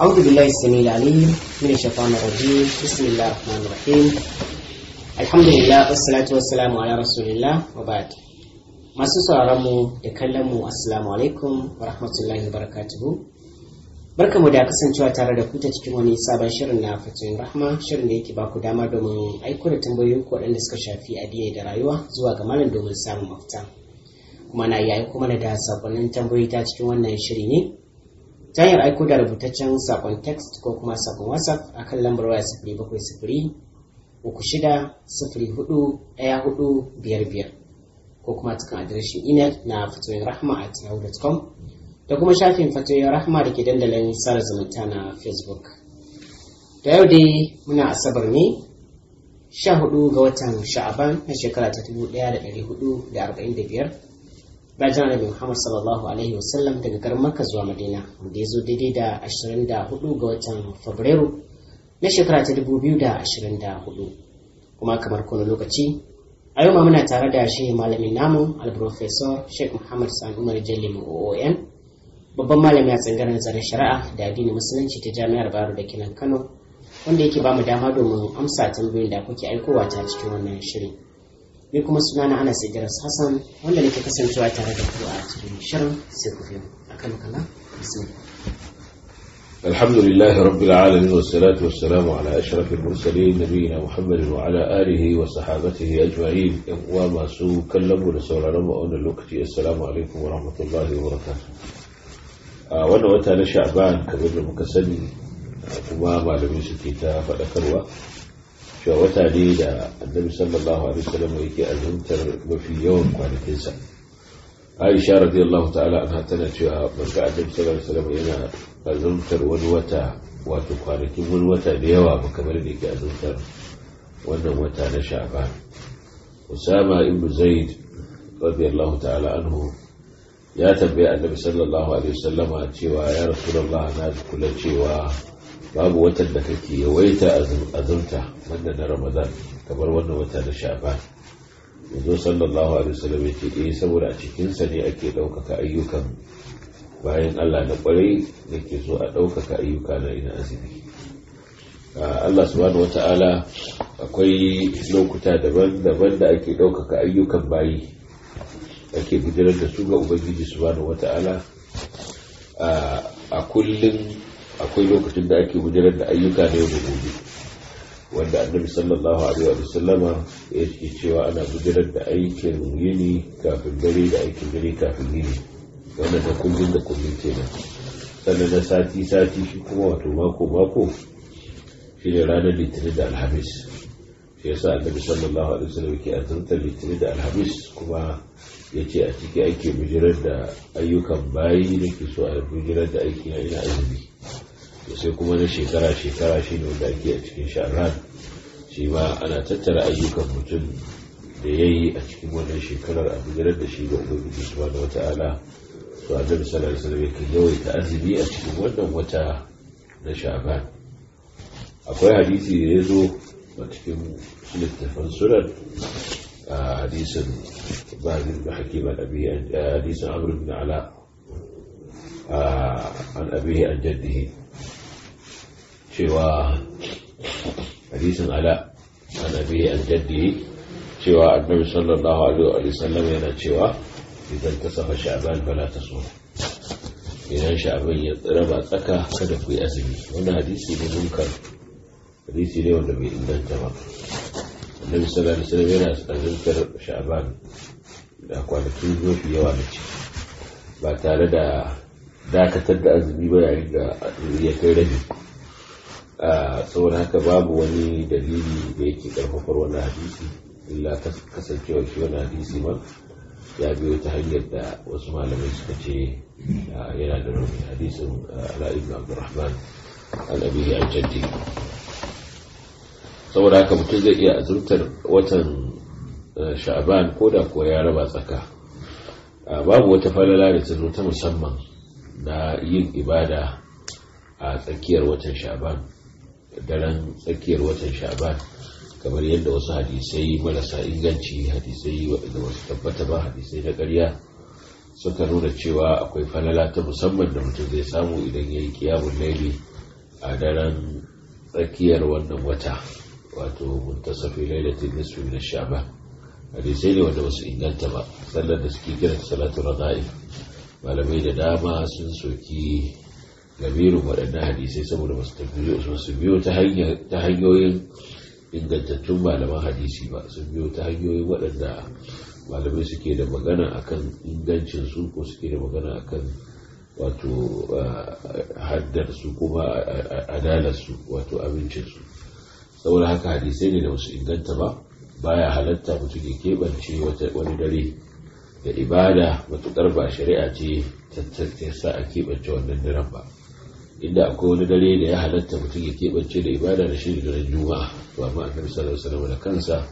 أعوذ بالله السميع العليم من الشيطان الرجيم بسم الله الرحمن الرحيم الحمد لله والصلاة والسلام على رسول الله وبعد masu sauraron mu da kallon mu ورحمة alaikum wa barka mu da kasancewa tare da ku ta cikin wani sabon shirin na fatin rahma shirin da yake ba ku dama domin aiko da tambayoyin ku waɗanda suka shafi addini da rayuwa zuwa ga malam domin samun mafita kuma na iya aiko mana da sakonnin tambayoyi ta cikin wannan shiri ne ta hanyar aiko da rubutaccen sakon text ko kuma sakon whatsapp kan lambar waya sifiri bakwai sifiri uku shida sifiri hudu ɗaya hudu biyar biyar ko kuma cikin adireshin email na fatoyin rahma at yahoo.com da kuma shafin fatoyin rahama da ke dandalin tsara zumunta na facebook da yau dai muna asabar ne sha hudu ga watan sha'aban na shekara ta dubu ɗaya da ɗari hudu da arba'in da biyar bayan annabi Muhammad sallallahu alaihi wasallam daga garin Maka zuwa Madina wanda ya zo daidai da 24 ga watan Fabrairu na shekara ta 2024 kuma kamar kowane lokaci a yau ma muna tare da shi malamin namu al Sheikh Muhammad sani Umar Jalim OON babban malami a tsangaren tsarin shari'a da addinin musulunci ta Jami'ar baro da Kinan Kano wanda yake ba mu dama domin amsa tambayin da kuke aikowa ta cikin wannan shirin ni kuma suna na anas idris hassan wanda nake kasancewa tare da ku a cikin shirin sai ku fi akan kana alhamdulillahi rabbil alamin wa salatu wa salamu ala ashrafil mursalin nabiyina muhammad wa ala alihi wa sahabatihi ajma'in yan uwa masu kallabo da sauraron mu a wannan lokaci assalamu alaikum wa rahmatullahi wa a wannan wata na sha'ban kamar da muka sani kuma malamai su ke ta faɗakarwa cewa wata ne da annabi sallallahu alaihi wasallam yake azumtar mafi yawan kwanakinsa aisha radiyallahu ta'ala anha tana cewa banga annabi sallallahu alaihi wasallam yana azumtar wani wata wato kwanakin wani wata da yawa ba kamar da yake azumtar wannan wata na sha'ban usama ibn zaid radiyallahu ta'ala anhu ya tambayi annabi sallallahu alaihi wasallama cewa ya rasulullah na kula cewa babu watan da kake yawaita a zurta wanda na ramadan kamar wannan wata na sha'ban yanzu sallallahu alaihi wasallam ce, eh saboda a cikinsa ne ake ɗaukaka ayyukan bayan Allah na kwarai da ke so a ɗaukaka ayyuka na ina azumi ah, Allah subhanahu wata'ala akwai lokuta daban-daban da ake ɗaukaka ayyukan bayi ake gudanar da su ga ubangiji subhanahu wata'ala ah, a kullum akwai lokacin da ake gudanar da ayyuka na yau da gobe wanda annabi sallallahu alaihi wa sallama ya ce cewa ana gudanar da aikin yini kafin dare da aikin dare kafin yini wannan da kullum da kullum sannan na sati sati shi kuma wato mako mako shi ne ranar litinin da alhamis shi yasa annabi sallallahu alaihi sallama ke azantar litinin da alhamis kuma ya ce a ciki ake bijirar da ayyukan bayi da ke so a gudanar da aiki na ina azumi sai kuma na shekara shekara shi ne wanda ake a cikin sha'ran shi ma ana tattara ayyukan mutum da ya yi a cikin wannan shekarar a bijirar da shi ga ubangiji da su ba wata subhanahu wata'ala to annabi sallallahu alaihi kan yawai ta azumi a cikin wannan wata na sha'ban akwai hadisi da ya zo a cikin littafin sunan hadisin babin hakim da biyan hadisin amurin da ala عن أبيه an جده cewa hadisin ala a nabi an jaddi cewa annabi sallallahu alaihi wa sallam yana cewa idan ta saba sha'ban bala ta so idan sha'ban ya raba tsaka kada ku yi azumi wani hadisi ne munkar hadisi ne wanda bai inganta ba annabi sallallahu alaihi wa sallam yana azumtar sha'ban da kwanakin zofi yawa na ce ba tare da dakatar da azumi ba yayin da ya kai rabi saboda haka babu wani dalili da yake karfafar wani hadisi illa kasancewa shi wani hadisi ma ya biyo ta hanyar da wasu malamai suka ce yana da rauni hadisin ra'ayin abdurrahman al'abi ya an jaddi saboda haka mutum zai iya azurtar watan sha'aban ko da kuwa ya raba tsaka babu wata falala da ta zo ta musamman na yin ibada a tsakiyar watan sha'aban. daren tsakiyar watan sha'ban kamar yadda wasu hadisai marasa inganci hadisai waɗanda wasu tabbata ba hadisai na ƙarya suka nuna cewa akwai falala ta musamman da mutum zai samu idan ya yi kiyamun laili a daren tsakiyar wannan wata wato muntasafi lailatun nisfi na sha'ban hadisai ne wanda wasu inganta ba sallar da suke kiran salatu raza'i malamai da dama sun soki lamirin waɗannan hadisai saboda basu su biyo ta hanyoyin ingantattun malaman hadisi ba su biyo ta hanyoyin waɗanda malamai suke da magana akan ingancin su ko suke da magana akan wato haddar su kuma adalar su wato abincinsu su saboda haka hadisai ne da wasu inganta ba baya halatta mutum ya keɓance wani dare da ibada matuƙar ba shari'a ce ta sa a keɓance wannan daren ba inda akwai wani dare da ya halatta mutum ya keɓance da ibada da shirin daren juma'a to amma a kan sarar sarar da kansa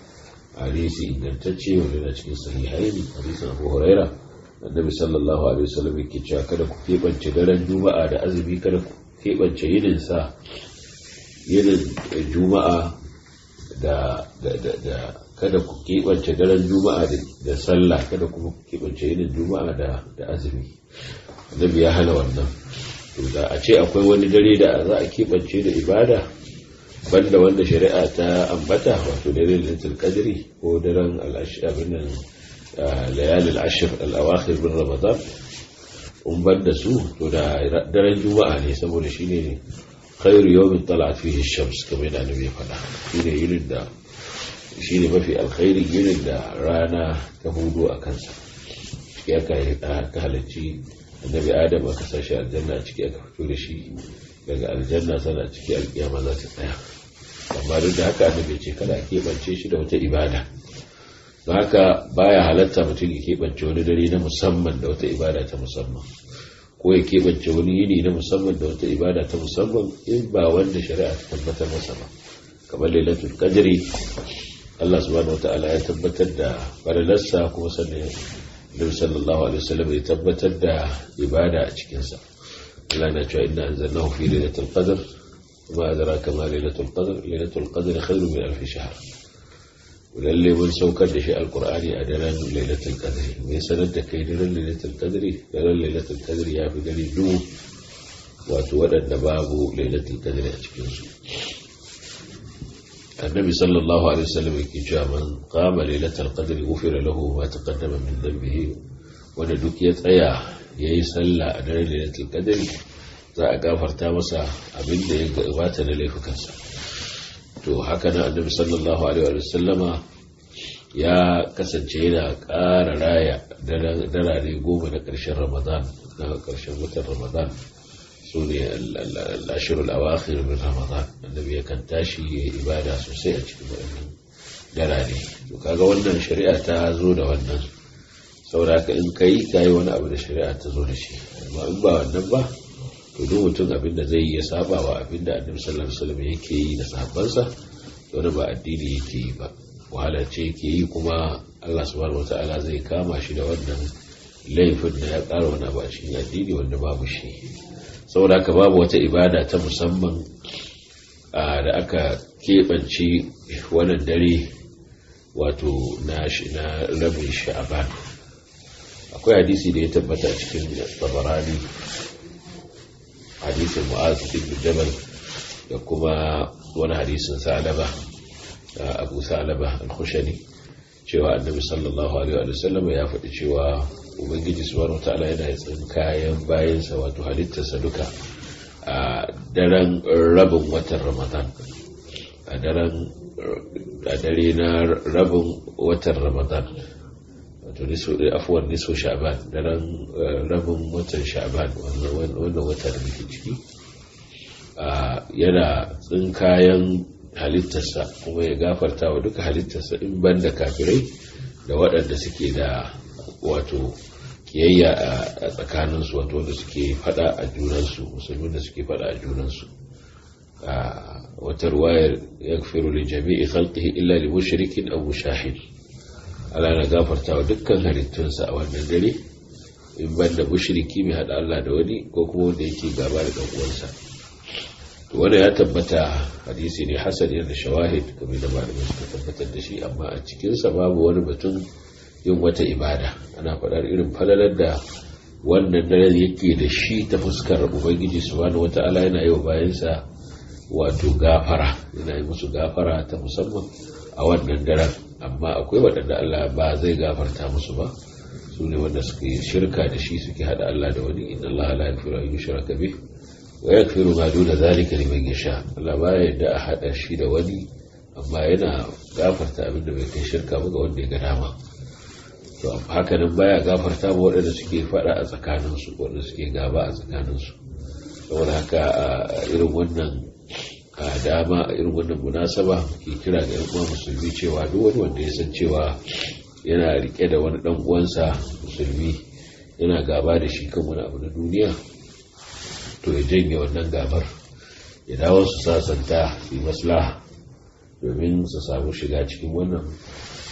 a hadisi ingantacce wanda yana cikin sahihain hadisin abu huraira annabi sallallahu alaihi wasallam yake cewa kada ku keɓance daren juma'a da azumi kada ku keɓance yinin sa yinin juma'a da kada ku keɓance daren juma'a da sallah kada ku keɓance yinin juma'a da azumi annabi ya hana wannan to da a ce akwai wani dare da za a keɓance da ibada banda wanda shari'a ta ambata wato dare lailatul qadri ko daren al-ashabin layalil ashr al-awakhir bin ramadan in banda su to da daren juma'a ne saboda ne khairu yawmin tala'at fihi shams kamar da annabi faɗa shine yinin da mafi alkhairin yinin da rana ta hudu a kansa ya ka halarci annabi adam aka sashi aljanna ciki aka fito da shi daga aljanna sana ciki alkiyama za ta tsaya amma duk da haka annabi ce kada a keɓance shi da wata ibada don haka baya halatta mutum ya keɓance wani dare na musamman da wata ibada ta musamman ko ya keɓance wani yini na musamman da wata ibada ta musamman in ba wanda shari'a ta tabbatar masa ba kamar lailatul kajiri Allah subhanahu wataala ya tabbatar da faralarsa kuma sannan Nabi sallallahu alaihi wasallam ya tabbatar da ibada a cikinsa Allah na cewa inna anzalnahu fi lailatul qadr ma adraka ma lailatul qadr lailatul qadr khairun min alf shahr lalle mun saukar da shi alqur'ani a daren lailatul qadr me sanar da kai daren lailatul qadr daren lailatul qadr ya fi dare dubu wato waɗanda babu lailatul qadr a cikinsu annabi sallallahu alaihi wasallam yake cewa man qama lailatul qadri ghufira lahu ma taqaddama min dhanbihi wanda duk ya tsaya ya yi sallah a daren lailatul qadri za a gafarta masa abin da ya gabata na laifukansa to haka nan annabi sallallahu alaihi wasallama ya kasance yana ƙara raya darare goma na ƙarshen ramadan na karshen watan ramadan su ne al'ashirul awakhir min ramadan annabi yakan tashi ya ibada sosai a cikin wannan garare to kaga wannan shari'a ta zo da wannan saboda ka in kai kayi wani abu da shari'a ta zo da shi amma in ba wannan ba to duk mutum abin da zai iya saba wa abinda da annabi sallallahu alaihi wasallam yake yi da sahabbansa to wani ba addini yake yi ba wahala ce yake yi kuma Allah subhanahu wataala zai kama shi da wannan laifin da ya ƙara wani abu a cikin addini wanda babu shi saboda aka babu wata ibada ta musamman da aka keɓanci wannan dare wato na rabin sha'aban akwai hadisi da ya tabbata cikin tsabarani hadisin mu'az ibn jabal da kuma wani hadisin salaba abu salaba al-khushani cewa annabi sallallahu alaihi wa sallam ya faɗi cewa ubangiji subhanahu wataala yana tsin kayan bayansa wato halittarsa duka a daren rabin watan ramadan a daren a dare na rabin watan ramadan wato afuwar niso sha'ban daren eh, rabin watan sha'ban wannan wata da muke ciki yana tsin kayan halittarsa kuma ya gafarta wa duka halittarsa in banda kafirai da waɗanda suke da wato kiyayya a tsakaninsu wato wanda suke fada a junansu musulmin da suke fada a junansu a wata ruwayar ya firu da jami'i khalqihi illa li mushrikin aw mushahid ala na gafarta wa dukkan halittunsa a wannan dare in banda mushriki mai hada Allah da wani ko kuma wanda yake gaba da dan to wanda ya tabbata hadisi ne hasan yana shawahid kamar da malamin suka tabbatar da shi amma a cikinsa babu wani batun yin wata ibada ana faɗar irin falalar da wannan daren yake da shi ta fuskar ubangiji subhanahu wata'ala yana yi wa bayansa wato gafara yana yi musu gafara ta musamman a wannan daren amma akwai waɗanda Allah ba zai gafarta musu ba su ne wanda suke shirka da shi suke hada Allah da wani inna Allah la yaghfiru an yushraka bih wa yaghfiru ma duna zalika liman yasha Allah ba ya a hada shi da wani amma yana gafarta abin da bai kai shirka ba ga wanda ya ga dama to hakanan baya gafarta ba waɗanda suke faɗa a tsakaninsu waɗanda suke gaba a tsakaninsu saboda haka a irin wannan a dama a irin wannan munasaba ke kira ga yan uwa musulmi cewa duk wani wanda ya san cewa yana rike da wani dan uwansa musulmi yana gaba da shi kan wani abu na duniya to ya janye wannan gabar ya dawo su sasanta su yi maslaha domin su samu shiga cikin wannan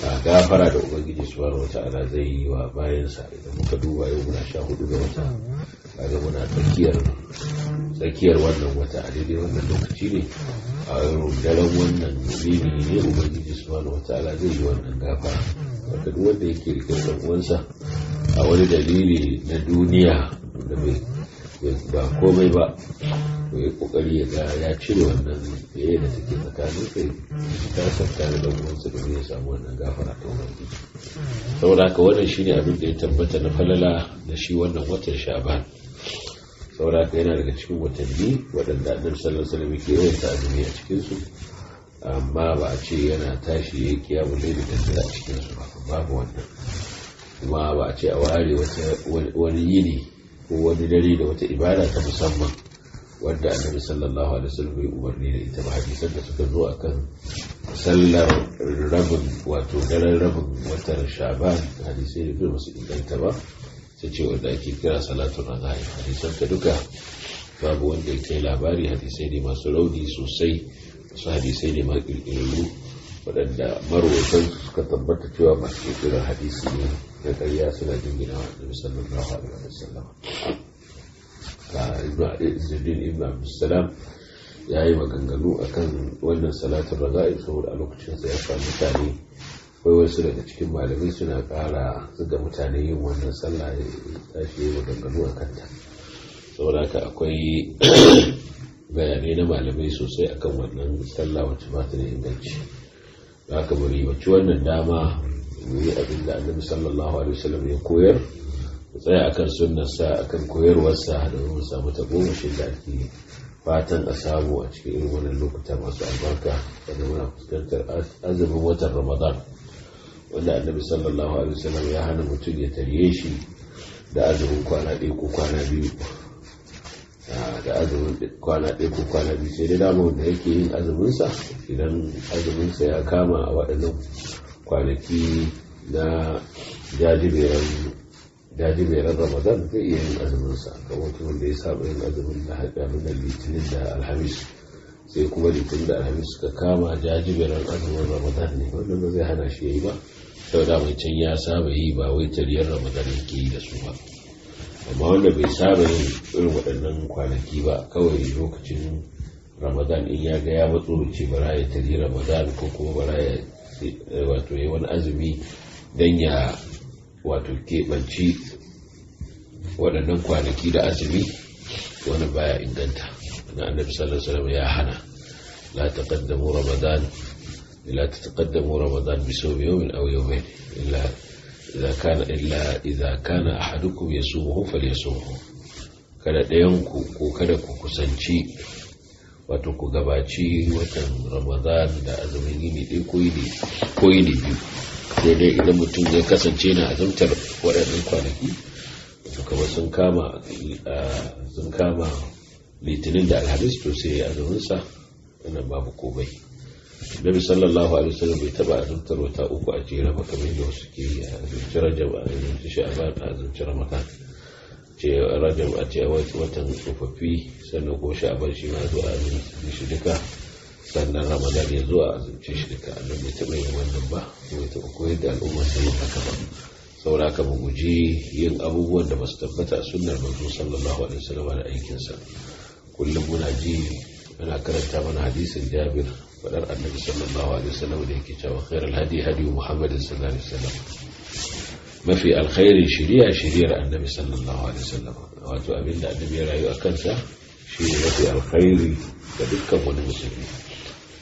a gafara da ubangiji su wata ana zai yi wa bayansa idan muka duba yau muna sha hudu ga wata kaga muna tsakiyar tsakiyar wannan wata a daidai wannan lokaci ne a daren wannan yini ne ubangiji su wata ala zai yi wannan gafara wanda duk wanda yake rikin da uwansa a wani dalili na duniya da bai ba komai ba to ya kokari ya ga ya cire wannan yayi da take tsakanin sai ta tsakani da gwamnati da zai samu wannan gafara ta wani saboda haka wannan shine abin da ya tabbata na falala da shi wannan watan sha'ban saboda haka yana daga cikin watanni waɗanda annabi sallallahu alaihi wasallam yake yawan azumi a cikin su amma ba a ce yana tashi ya kiyamu laili da dare a cikin su ba babu wannan kuma ba a ce a ware wani yini ko wani dare da wata ibada ta musamman wadda annabi sallallahu alaihi wasallam ya umarni da ita ba hadisan da suka zo akan sallar rabin wato daren rabin watan shaban hadisai da ba su inganta ba ta ce wanda ake kira salatun ragaya hadisan ta duka babu wanda ya kai labari hadisai ne masu rauni sosai wasu hadisai ne masu kirkirarru waɗanda marwatan suka tabbata cewa masu kirkirar hadisi ne da ƙarya suna jingina wa annabi sallallahu alaihi wasallam izzuddin eh, ibn abdussalam ya yi maganganu akan wannan salatin raza'i saboda a lokacin sa ya fa mutane wai wasu daga cikin malamai suna kara zuga mutane yin wannan sallah ya tashi yi maganganu a kanta saboda ka akwai bayanai na malamai sosai akan wannan sallah wacce ba ta da inganci da haka bari wacce wannan dama mu yi abin da annabi sallallahu alaihi wasallam ya koyar tsaya akan sunnarsa akan koyarwarsa da mu samu ta goma shi da ake fatan a samu a cikin irin wannan lokuta masu albarka da muna fuskantar azumin watan ramadan wanda annabi sallallahu alaihi wasallam ya hana mutum ya tarye shi da azumin kwana ɗaya ko kwana biyu da azumin kwana ɗaya ko kwana biyu sai dai dama wanda yake yin azuminsa idan azuminsa ya kama a waɗannan kwanaki na jajiberen daji mai ran ramadan zai iya yin azuminsa ga mutumin da ya saba yin azumin da haɗaru da litinin da alhamis sai kuma litinin da alhamis suka kama daji ran azumin ramadan ne wanda ba zai hana shi ya yi ba sau da mai can ya saba yi ba wai tariyar ramadan ke yi da su ba amma wanda bai saba yin irin waɗannan kwanaki ba kawai lokacin ramadan in ya ga ya matso ce bara ya tari ramadan ko kuma bara ya eh, wato ya wani azumi don ya wato keɓanci waɗannan kwanaki da azumi wani baya inganta na annabi sallallahu alaihi wasallam ya hana la taqaddamu ramadan la tataqaddamu ramadan bi sawmi yawmin aw yawmayn illa idza kana illa idza kana ahadukum yasumuhu falyasumuhu kada ɗayan ku ko kada ku kusanci wato ku gabaci watan ramadan da azumin ne ɗaya ko yini biyu sai dai idan mutum ya kasance na azumtar waɗannan kwanaki to sun kama sun kama litinin da alhamis to sai ya azuminsa wannan babu komai nabi sallallahu alaihi wasallam bai taba azumtar wata uku a jere ba kamar yadda wasu ke a azumci rajab a azumci sha'ban a azumci ramadan ce rajab a ce watan tsofaffi sannan ko sha'ban shi ma zuwa azumci shi duka sannan ramadan ya zuwa a zuce shi duka annabi bai taɓa yin wannan ba bai taɓa koyar da al'ummar sa yin haka ba saura ka mu guji yin abubuwan da ba su tabbata a sunnar manzo sallallahu alaihi wasallam da aikinsa kullum muna ji ana karanta mana hadisin jabir fadar annabi sallallahu alaihi wasallam da yake cewa khairul hadi hadi muhammadin sallallahu alaihi wasallam mafi alkhairin shiriya shiriyar annabi sallallahu alaihi wasallam wato abinda annabi ya rayu a kansa shi ne mafi alkhairi ga dukkan wani musulmi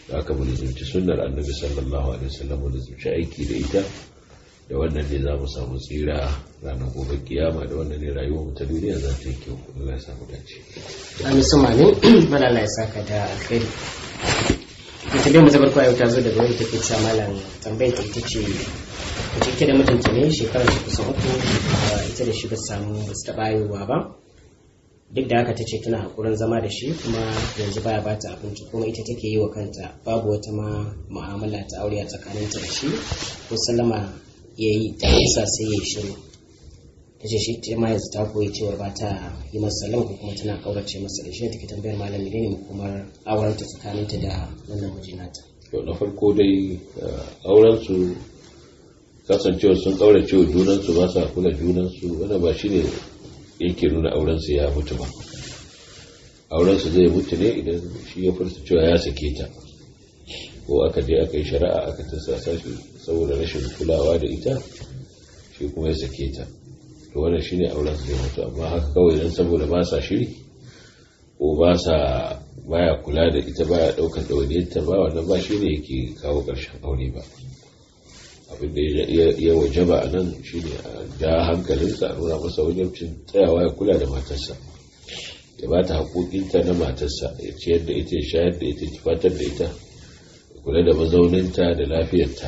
da aka mu lizumci sunnar annabi sallallahu alaihi wasallam mu lizumci aiki da ita da wannan ne za mu samu tsira ranar gobe kiyama da wannan ne rayuwar mu ta duniya za ta yi kyau Allah ya samu dace amin suma ne bala Allah ya saka da alkhairi ita dai mu zabar kwayo ta zo daga wani take cewa malam tambayar ta ita ce ta ce da mutunta ne shekarar ta kusan uku ita da shi ba samu ba su taɓa ba duk da haka ta ce tana haƙurin zama da shi kuma yanzu baya ba ta abinci kuma ita take yi wa kanta babu wata ma mu'amala ta aure a tsakaninta da shi ko salama ya yi ta isa sai ya yi shiru ta ce shi ta ma yanzu ta koyi cewa ba ta yi masa sallama ko kuma tana ƙaurace masa da shi take tambayar malam ne ne ta tsakanin tsakaninta da wannan mijinata. to na farko dai eh, aurensu kasancewa sun ƙaurace wa junansu ba sa kula junansu wanda ba shi ne yake nuna aurensa ya mutu ba aurensa zai mutu ne idan shi ya furta cewa ya sake ta ko aka je aka yi shari'a aka tasasa shi saboda rashin kulawa da ita shi kuma ya sake ta to wannan shine aurensa zai mutu amma haka kawai dan saboda ba sa shiri ko ba sa baya kula da ita baya daukar ɗawainiyarta ba wannan ba shine yake kawo karshen aure ba abin da ya waje ba a nan shine a ja hankalinsa a nuna masa wajen tsayawa ya kula da matarsa ya ba ta haƙoƙinta na matarsa ya ciyar da ita ya shayar da ita ya fatar da ita ya kula da mazauninta da lafiyarta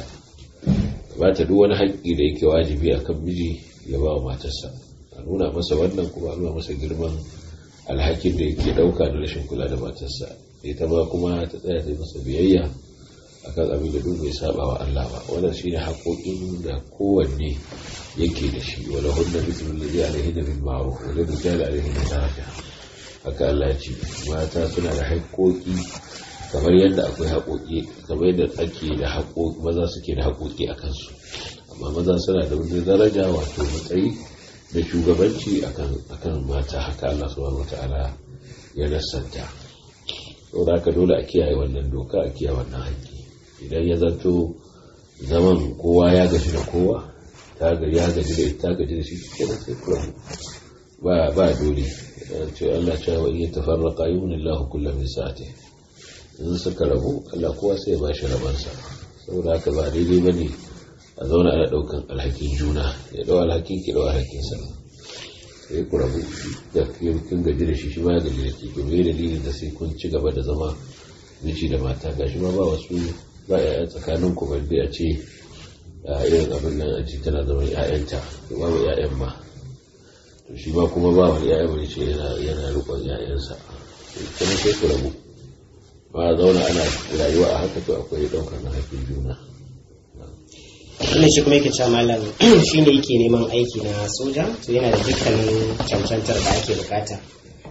ya ba ta duk wani haƙƙi da yake wajibi a kan miji ya ba wa matarsa a nuna masa wannan kuma a nuna masa girman alhakin da yake ɗauka na rashin kula da matarsa ita ma kuma ta tsaya ta masa biyayya akan abin da duk bai saba wa Allah ba wannan shine haƙoƙin da kowanne yake da shi wala hunna mithlu alladhi alayhi bil ma'ruf wa la rijali alayhi da daraja haka Allah ya ce mata suna da haƙoƙi kamar yadda akwai haƙoƙi kamar yadda ake da haƙoƙi maza suke da haƙoƙi a kansu amma maza suna da wani daraja wato matsayi da shugabanci akan akan mata haka Allah subhanahu wataala ya nasanta saboda haka dole a kiyaye wannan doka a kiyaye wannan haƙƙi idan ya zato zaman kowa ya gaji da kowa ta gaji ya gaji da ita gaji da shi da sai kuma ba ba dole ce Allah ce wa iya tafarraqa Allah kullu min sa'ati in suka rabu Allah kowa sai ya bashi rabansa saboda haka ba daidai bane a zauna ana daukan alhakin juna ya dau alhakin ki dau alhakin sa sai ku rabu da kin gaji da shi shi ba ya gaji da ki to me dalilin da sai kun ci gaba da zama miji da mata gashi ma ba wasu ba ya tsakanin ku bai a ce irin abin nan a ce tana zama ya'yanta babu ya'yan ma to shi ba kuma ba wani ya'yan wani ce yana rikon ya'yansa kuma sai ku rabu ba zauna ana rayuwa a haka to akwai ɗaukar na haifin juna wannan shi kuma yake cewa malam shi ne yake neman aiki na soja to yana da dukkanin cancantar da ake bukata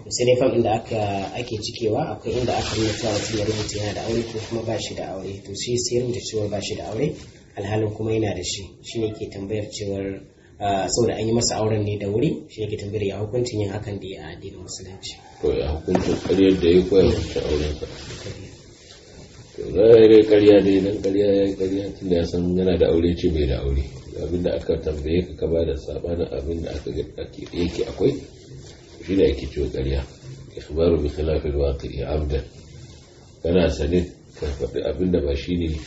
to sai dai fam inda aka ake cikewa akwai inda aka nuna cewa mutum ya rubuta yana da aure ko kuma ba shi da aure to shi sai rubuta cewa ba shi da aure alhalin kuma yana da shi shine ke tambayar cewar ah, saboda an yi masa auren ne da wuri shi ke tambayar ya hukuncin yin hakan da ya addinin musulunci to ya hukuncin ƙaryar da ya koya ta auren ka to za ya yi ƙarya dai idan ƙarya ya yi ƙarya tunda ya san yana da aure ce bai da aure abinda aka tambaye ka ka ba da sabanin abinda aka ga yake akwai shi ne ake cewa ƙarya ikhbaru bi khilafil waqi'i amdan kana sanin ka faɗi abin da ba shi ne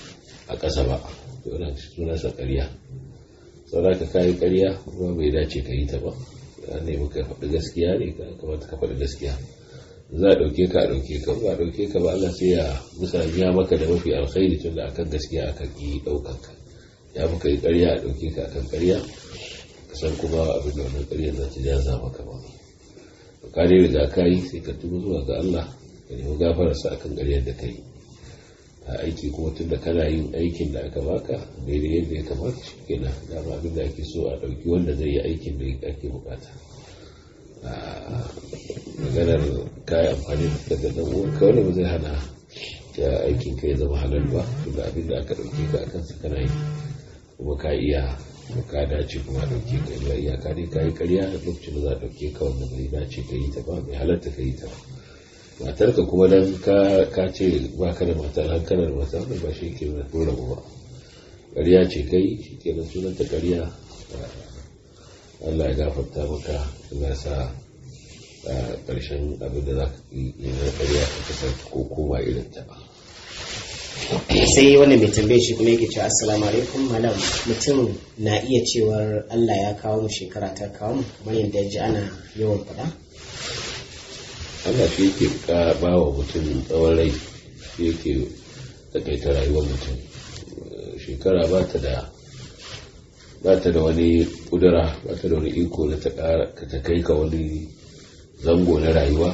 a ƙasa ba to yana suna sa ƙarya saboda ka kayi ƙarya kuma bai dace ka yi ta ba ka ne ka faɗi gaskiya ne ka kamata ka faɗi gaskiya za a ɗauke ka a ɗauke ka ba a ɗauke ka ba Allah sai ya musanya maka da mafi alkhairi tun da akan gaskiya akan ki ɗaukan ka ya muka yi ƙarya a ɗauke ka akan ƙarya san kuma abin da wannan ƙaryar za ta jaza maka ba ka dai riga ka yi sai ka tuba zuwa ga Allah ka nemi gafararsa akan gari da ka yi a aiki kuma tun da kana yin aikin da aka baka daidai yadda ya kamata shi kenan ba abin da ake so a ɗauki wanda zai yi aikin da ake bukata maganar kayi amfani da gadon uwar wani ba zai hana ya aikin ka ya zama halal ba tun da abin da aka ɗauke ka akan sa kana yi kuma ka iya ka dace kuma dauke ka illa iyaka dai ka yi karya da lokacin da za a dauke ka wanda bai dace ka yi ta ba bai halarta ka yi ta ba ka kuma dan ka ce ba ka da matar dan kana da mata ba shi ke da ko ba karya ce kai shi ke da sunan ta karya Allah ya gafarta maka ina sa a ah, ƙarshen abin da za ka yi na karya ka kasar ko koma irin ta ba sai wannan mai tambaye shi kuma yake cewa assalamu alaikum malam mutum na iya cewar Allah ya kawo mu shekara ta kawo mu kamar yadda ya ji ana yawan faɗa Allah shi yake ba wa mutum tsawon rai shi yake takaita rayuwar mutum shekara ba ta da wani kudura ba ta da wani iko na ta kai ka wani zango na rayuwa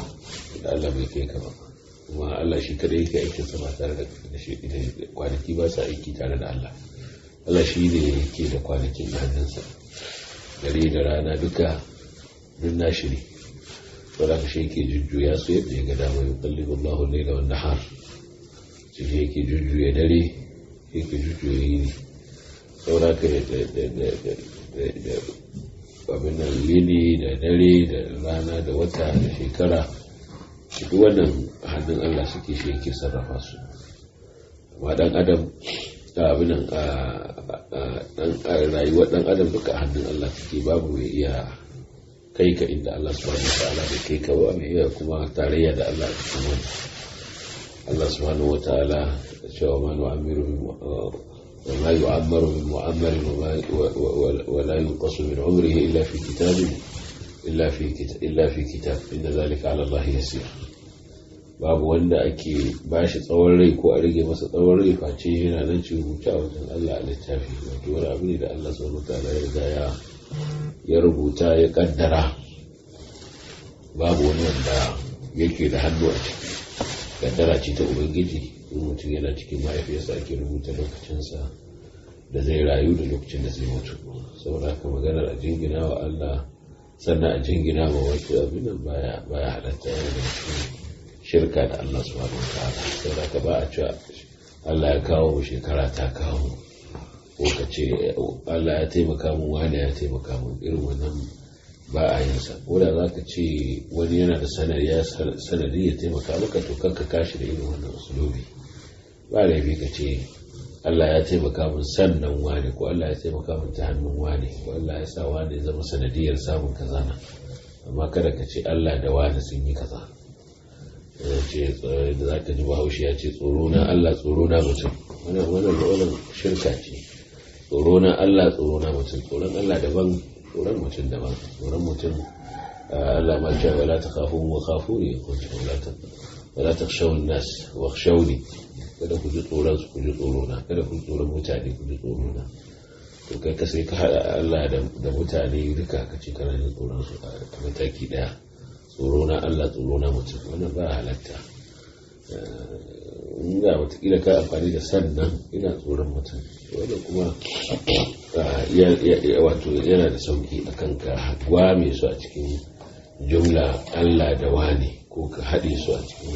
da Allah bai kai ka ba kuma Allah shi kadai yake aikin sa tare da kwanaki ba sa aiki tare da Allah Allah shi ne yake da kwanakin hannunsa dare da rana duka duk na shiri wanda ka shi yake jujjuya su yadda ya ga dama ya kallibu Allah wanda har, nahar shi yake jujjuya dare yake jujjuya yini saura ka da abin nan da dare da rana da wata da shekara duk wannan hannun Allah suke shi yake sarrafa su amma dan adam da abinan a dan rayuwar dan adam duka hannun Allah suke babu mai iya kai ka inda Allah subhanahu wataala bai kai ka ba mai iya kuma tarayya da Allah a cikin wani Allah subhanahu wataala cewa ma nu'amiru وما يعمر من معمر ولا ينقص من عمره إلا في كتاب إلا في كتاب إلا في كتاب إن ذلك على الله يسير babu wanda ake bashi tsawon rai ko a rage masa tsawon rai face yana nan rubuta a wajen Allah a littafi wato wani abu ne da Allah subhanahu wataala ya riga ya rubuta ya kaddara babu wani wanda yake da hannu a ciki kaddara ce ta ubangiji in mutum yana cikin mahaifiyarsa ake rubuta lokacinsa da zai rayu da lokacin da zai mutu saboda haka maganar a jingina wa Allah sannan a jingina wa wasu abin nan baya halatta yana da shirka da Allah subhanahu wataala sai da ka ba a cewa Allah ya kawo mu shekara ta kawo ko ka ce Allah ya taimaka mu wani ya taimaka mu irin wannan ba a yin sa ko da ka ce wani yana da sanari ya sanari ya taimaka maka to kanka kashi da irin wannan usulobi ba laifi ka ce Allah ya taimaka mu sannan wani ko Allah ya taimaka min ta hannun wani ko Allah ya sa wani zama sanadiyar samun kazana amma kada ka ce Allah da wani sun yi kaza ce eh, da za ka ji bahaushe ya ce tsoro na Allah tsoro na mutum wani wani shirka ce tsoro na Allah tsoro na mutum tsoron Allah daban tsoron mutum daban tsoron mutum eh, Allah ma ce wala takhafun wa ne ko wala ta wala takhshawun nas wa khshawni kada ku ji tsoron su ku ji tsoro na kada ku ji tsoron mutane ku ji tsoro na to kai ka sai ka haɗa Allah da mutane duka ka ce kana jin tsoron su a mataki ɗaya tsoro na Allah tsoro na mutum wannan ba halatta eh, inda watakila ka amfani da sannan ina tsoron mutum wannan kuma ah, wato yana da sauki a kan ka gwame su a cikin jumla Allah da wani ko ka haɗe su a cikin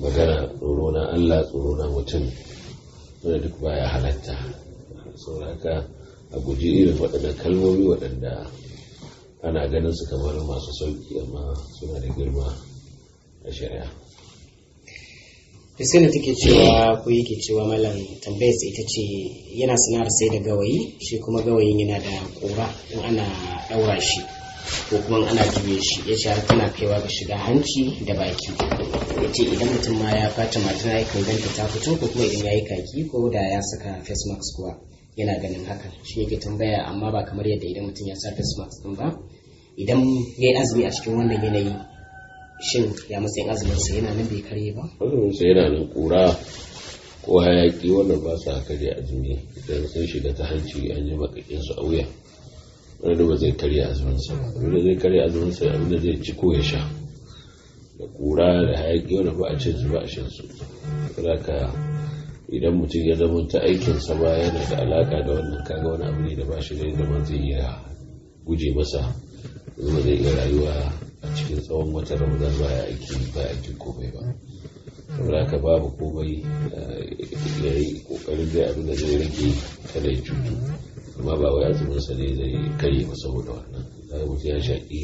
magana tsoro na Allah tsoro na mutum wanda duk baya halatta sauraka a guji irin waɗanda kalmomi waɗanda ana ganin su kamar masu sauki amma suna da girma a shari'a sai da take cewa ko yake cewa malam tambayar ita ce yana sana'ar sai da gawayi shi kuma gawayin yana da kura in ana daura shi ko kuma ana juye shi ya ce har tana kaiwa ga shiga hanci da baki ya ce idan mutum ma ya fata mata ya ganta ta fito ko kuma idan ya yi kaki ko da ya saka face mask kuwa yana ganin haka shi yake tambaya amma ba kamar yadda idan mutum ya sa face mask din ba idan ya yi azumi a cikin wannan yanayi shin ya matsayin azumin sa yana nan bai karye ba azumin sa yana nan kura ko hayaki wannan ba sa karya azumi idan sun shiga ta hanci an yi makakin su a wuya da ba zai karya azumin sa wanda zai karya azumin sa abinda zai ci ko ya sha da kura da hayaki wanda ba a cin zuba a shan su saboda idan mutum ya zama ta aikin sa ba yana da alaka da wannan kaga wani abu ne da ba shi da zama zai iya guje masa zuma zai iya rayuwa a cikin tsawon watan ramadan ba ya aiki ba ya aiki komai ba saboda haka babu komai eh, ya yi kokarin zai abin da zai rage kada ya cutu amma ba wai sa ne zai kare ba saboda wannan daga mutum ya shaƙi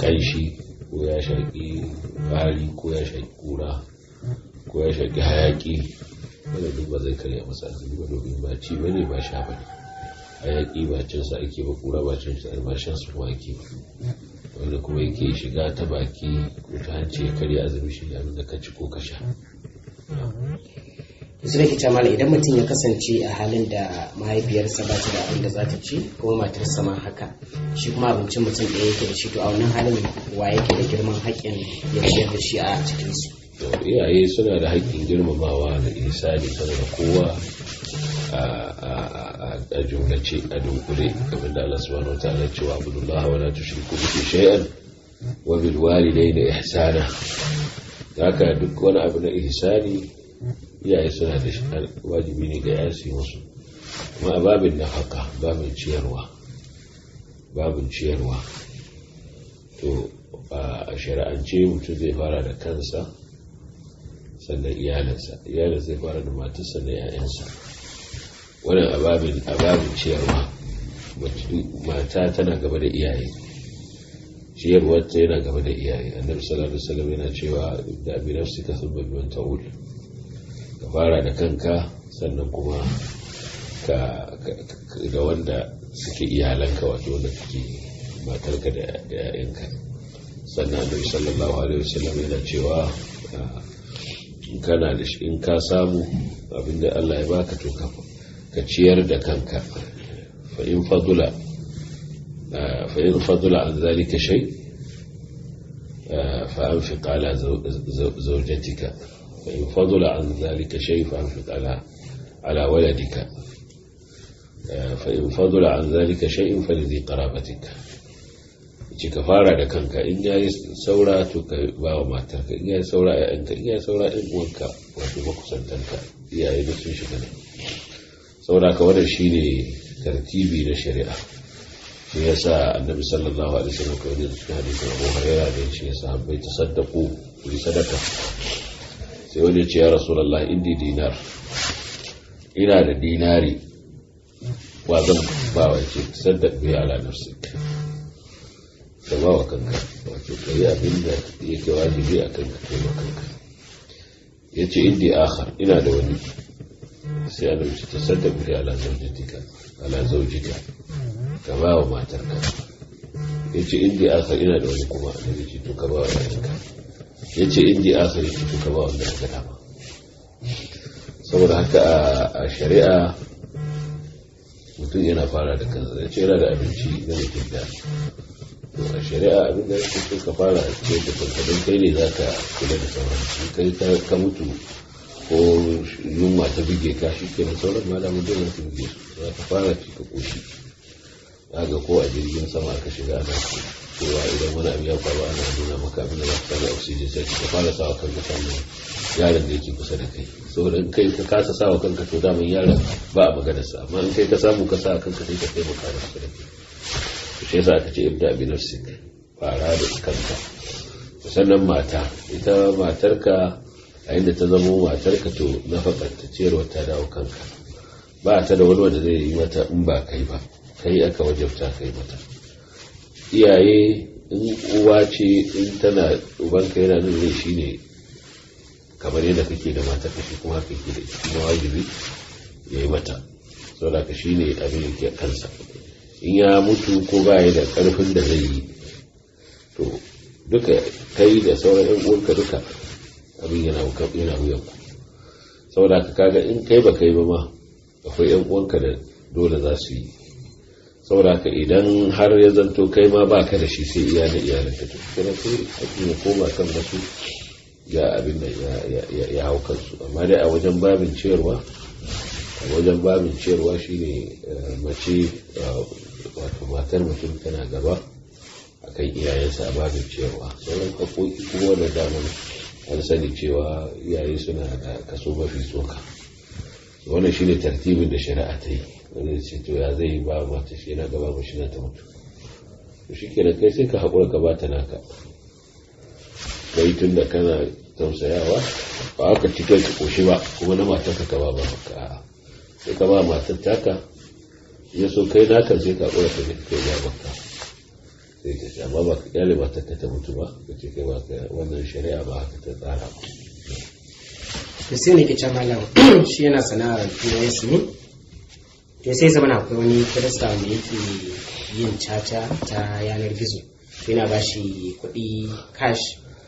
kanshi ko ya shaƙi bari ko ya shaƙi kura ko ya shaƙi hayaƙi wanda duk ba zai karya masa azumi ba domin ba ci bane ba sha bane hayaƙi ba sa ake ba kura ba cin sa ba shan su kuma ake wanda kuma yake shiga ta baki ko ta hanci ya karya azumi shi da da ka ci ko ka sha yanzu nake cewa malam idan mutum ya kasance a halin da mahaifiyarsa ba ta da abin da za ta ci kuma matar ma haka shi kuma abincin mutum ɗaya yake da shi to a wannan halin wa yake da girman haƙƙin ya biyar da shi a cikinsu iyaye suna da haƙƙin girmamawa da isa ne da kowa a jumlace a dunkule kamar da Allah subhanahu wa ta'ala cewa abdullah wa la tushriku bihi shay'an wa bil walidayni ihsana haka duk wani abu na ihsani iyaye suna da wajibi ne ga yasi su musu kuma babin haka, babin ciyarwa babin ciyarwa to a shari'ance mutum zai fara da kansa sannan iyalinsa iyalinsa zai fara da matarsa na 'ya'yansa wannan ababin ababin ciyarwa mata tana gaba da iyaye ciyarwar ta yana gaba da iyaye annabi sallallahu alaihi wasallam yana cewa da bi ka thumma bi wanta ka fara da kanka sannan kuma ka ga wanda suke iyalanka wato wanda suke matarka da ‘ya'yanka sannan annabi sallallahu alaihi wasallam yana cewa ah, in kana da shi in ka samu abinda Allah ya baka to ka كتشير دكانك فإن فضل فإن فضل عن ذلك شيء فأنفق على زوجتك فإن فضل عن ذلك شيء فأنفق على على ولدك فإن فضل عن ذلك شيء فلذي قرابتك كفارة لكنك إن جاي سورة باو ما ترك إن جاي سورة أنت إن جاي سورة إن وانك وشو مقصد تنك يا إيه بس مش كنك saboda ka wannan shine tartibi na shari'a shi yasa annabi sallallahu alaihi wasallam kawai da cikin hadisin Abu Hurairah da shi ya yasa habbai tasaddaqu ku yi sadaka sai wani ya ce ya rasulullah indi dinar ina da dinari wa zan ba wa ce saddaq bi ala nafsik ka ba wa kanka wato kai abin da yake wajibi a kanka kai ma kanka yace indi akhar ina da wani sai annabi ta saddaku ya ala zawjatika ka ba wa matarka ya ce indi asali ina da wani kuma annabi ce to ka ba wa matarka ya ce indi asa ya ce to ka ba wanda ka ba saboda haka a shari'a mutum yana fara da kan ya ce yana da abinci na mutum da a shari'a abin da ya ce ka fara a cikin da kanka kai ne za ka kula da sauransu kai ka mutu ko yunwa ta buge ka shi ke sauran malamin dole su buge za ka fara cika koshi ga ko a jirgin sama aka shiga ana cewa idan wani abu ya faru ana nuna maka abin da za ka da oxygen sai ka fara sawa kanka sannan yaron da yake kusa da kai saboda in kai ka kasa sawa kanka to daman yaron ba a maganarsa amma in kai ka samu ka sa kanka sai ka taimaka da su da kai shi yasa aka ce ibda bi nafsik fara da kanka sannan mata ita matarka A da ta zamo matarka to na faɗar ta ciyarwar ta dawo kanka ba ta da wani wanda zai yi mata in ba kai ba kai aka wajabta kai mata iyaye in uwa ce in tana ubanka yana nan zai shi ne kamar yadda kake da mata kashi kuma kake da kuma wajibi ya yi mata saboda ka shi ne abin da ke kansa in ya mutu ko ba ya da karfin da zai yi to duka kai da sauran yan uwanka duka abin yana yana saboda ka kaga in kai ba kai ba ma akwai yan uwanka da dole za su yi saboda ka idan har ya zanto kai ma ba ka da shi sai iya da iyalanka to kuma sai hakki ya koma kan wasu ya abin da ya hau kansu amma dai a wajen babin ciyarwa a wajen babin ciyarwa shine eh, mace eh, wato matar mutum tana gaba a kan iyayensa a babin ciyarwa sauran haƙoƙi kuma da damar an sani cewa iyaye suna da kaso mafi tsoka wannan shine tartibin da shari'a ta yi wani ce to ya zai yi ba mata shi yana gaba shi na ta mutu to shi ke kai sai ka haƙura ka bata naka kai tun da kana tausayawa ba haka cikin ka ƙoshi ba kuma na matar ka ba ba ka sai ka ba matar taka ya so kai naka sai ka haƙura ka kai ba ka sai ta ce amma ba ka kyale ba ta mutu ba ka ce kai ba wannan shari'a ba haka ta tsara ba to sai ne ke can malam shi yana sana'ar turai su ne to sai zama na akwai wani kirista wanda yake yin caca ta yanar gizo yana ba shi kuɗi cash